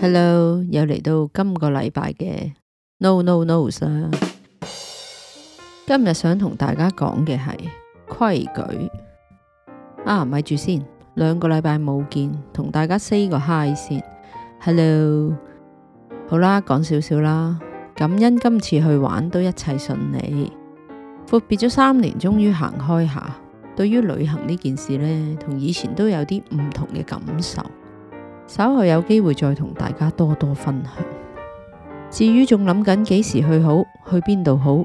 Hello，又嚟到今個禮拜嘅 No No Knows 啦。今日想同大家講嘅係規矩啊。咪住先，兩個禮拜冇見，同大家 say 個 hi 先。Hello，好啦，講少少啦。感恩今次去玩都一切順利，闊別咗三年，終於行開下。對於旅行呢件事呢，同以前都有啲唔同嘅感受。稍後有機會再同大家多多分享。至於仲諗緊幾時去好，去邊度好，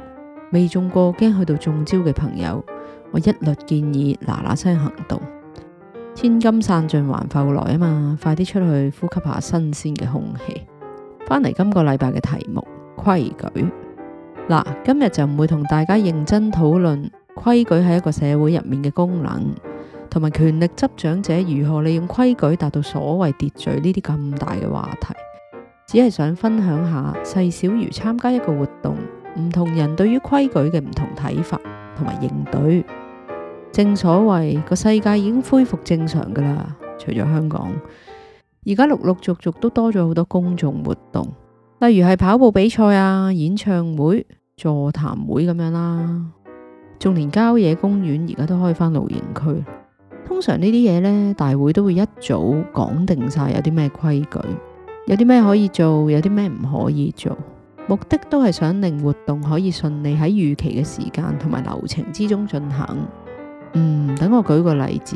未中過驚去到中招嘅朋友，我一律建議嗱嗱聲行動。千金散盡還復來啊嘛，快啲出去呼吸下新鮮嘅空氣。返嚟今個禮拜嘅題目規矩嗱，今日就唔會同大家認真討論規矩係一個社會入面嘅功能。同埋權力執掌者如何利用規矩達到所謂秩序呢啲咁大嘅話題，只係想分享下細小如參加一個活動，唔同人對於規矩嘅唔同睇法同埋應對。正所謂個世界已經恢復正常噶啦，除咗香港，而家陸陸續續都多咗好多公眾活動，例如係跑步比賽啊、演唱會、座談會咁樣啦、啊，仲連郊野公園而家都開返露營區。通常呢啲嘢呢，大會都會一早講定晒有啲咩規矩，有啲咩可以做，有啲咩唔可以做。目的都係想令活動可以順利喺預期嘅時間同埋流程之中進行。嗯，等我舉個例子，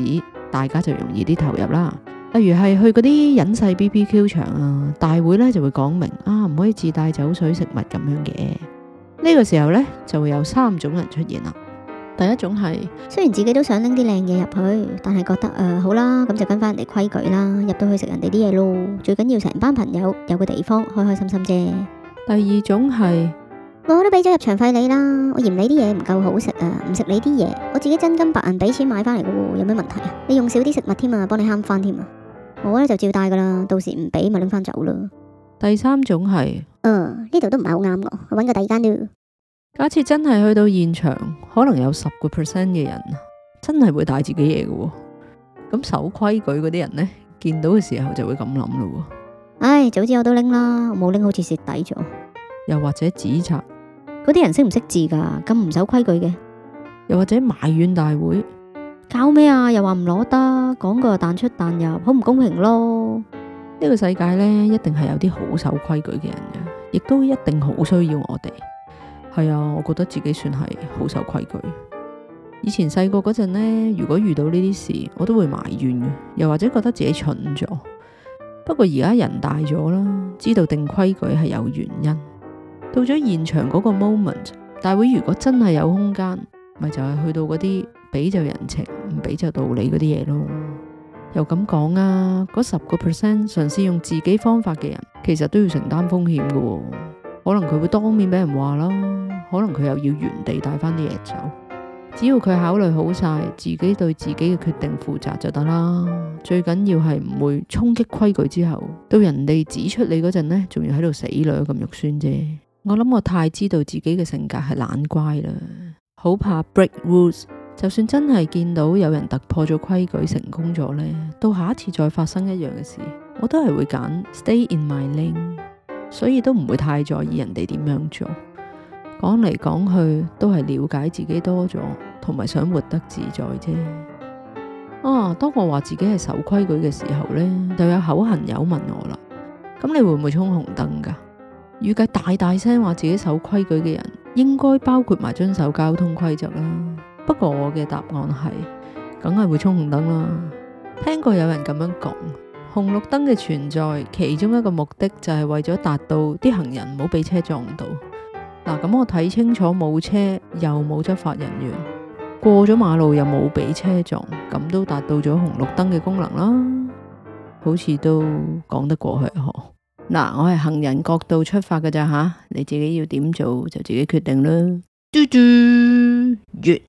大家就容易啲投入啦。例如係去嗰啲隱世 BBQ 場啊，大會呢就會講明啊，唔可以自帶酒水食物咁樣嘅。呢個時候呢，就會有三種人出現啦。第一種係，雖然自己都想拎啲靚嘢入去，但係覺得誒、呃、好啦，咁就跟返人哋規矩啦，入到去食人哋啲嘢咯。最緊要成班朋友有個地方開開心心啫。第二種係，我都俾咗入場費你啦，我嫌你啲嘢唔夠好食啊，唔食你啲嘢，我自己真金白銀俾錢買返嚟噶喎，有咩問題啊？你用少啲食物添啊，幫你慳返添啊。我呢就照帶噶啦，到時唔俾咪拎返走咯。第三種係，誒呢度都唔係好啱我，我搵個第二間。假設真係去到現場，可能有十個 percent 嘅人真係會帶自己嘢嘅。咁守規矩嗰啲人呢，見到嘅時候就會咁諗咯。唉，早知我都拎啦，冇拎好似蝕底咗。又或者指責嗰啲人識唔識字噶？咁唔守規矩嘅，又或者埋怨大會搞咩啊？又話唔攞得，講過又彈出彈入，好唔公平咯。呢個世界咧，一定係有啲好守規矩嘅人嘅，亦都一定好需要我哋。係啊，我覺得自己算係好守規矩。以前細個嗰陣咧，如果遇到呢啲事，我都會埋怨嘅，又或者覺得自己蠢咗。不過而家人大咗啦，知道定規矩係有原因。到咗現場嗰個 moment，大會如果真係有空間，咪就係去到嗰啲俾就人情，唔俾就道理嗰啲嘢咯。又咁講啊，嗰十個 percent 嘗試用自己方法嘅人，其實都要承擔風險㗎，可能佢會當面俾人話啦。可能佢又要原地帶翻啲嘢走，只要佢考慮好晒自己對自己嘅決定負責就得啦。最緊要係唔會衝擊規矩之後，到人哋指出你嗰陣咧，仲要喺度死兩咁肉酸啫。我諗我太知道自己嘅性格係懶乖啦，好怕 break rules，就算真係見到有人突破咗規矩成功咗咧，到下一次再發生一樣嘅事，我都係會揀 stay in my lane，所以都唔會太在意人哋點樣做。講嚟講去都係了解自己多咗，同埋想活得自在啫。啊，當我話自己係守規矩嘅時候咧，就有口痕友問我啦。咁你會唔會衝紅燈噶？預計大大聲話自己守規矩嘅人，應該包括埋遵守交通規則啦。不過我嘅答案係，梗係會衝紅燈啦。聽過有人咁樣講，紅綠燈嘅存在，其中一個目的就係為咗達到啲行人唔好俾車撞到。嗱，咁、啊、我睇清楚，冇車又冇執法人員，過咗馬路又冇俾車撞，咁都達到咗紅綠燈嘅功能啦，好似都講得過去嗬。嗱、啊，我係行人角度出發㗎咋吓，你自己要點做就自己決定啦。嘟嘟，月。 Yeah.